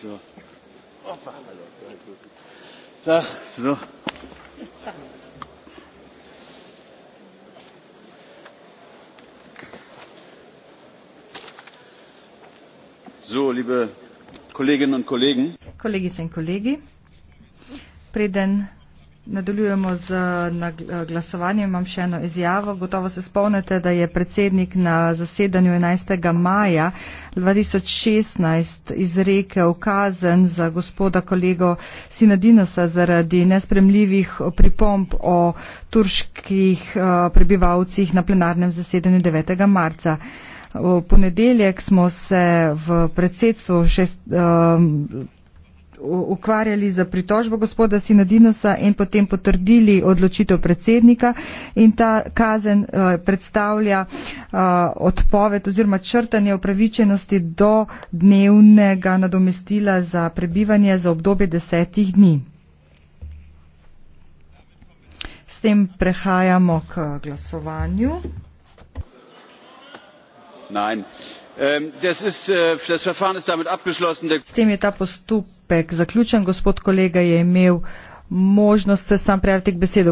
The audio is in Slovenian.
So. Ach, so. So, liebe Kolleginnen und Kollegen. Kolleginnen und Kollegen. Preden Nadaljujemo z glasovanjem. Imam še eno izjavo. Gotovo se spomnite, da je predsednik na zasedanju 11. maja 2016 izrekel kazen za gospoda kolego Sinadinosa zaradi nespremljivih pripomp o turških eh, prebivalcih na plenarnem zasedanju 9. marca. V ponedeljek smo se v predsedstvu šest, um, ukvarjali za pritožbo gospoda Sinodinosa in potem potrdili odločitev predsednika in ta kazen eh, predstavlja eh, odpoved oziroma črtanje upravičenosti do dnevnega nadomestila za prebivanje za obdobje desetih dni. S tem prehajamo k glasovanju. Ähm, äh, s tem je ta postopek zaključen gospod kolega je imel možnost se sam prijaviti k besedi.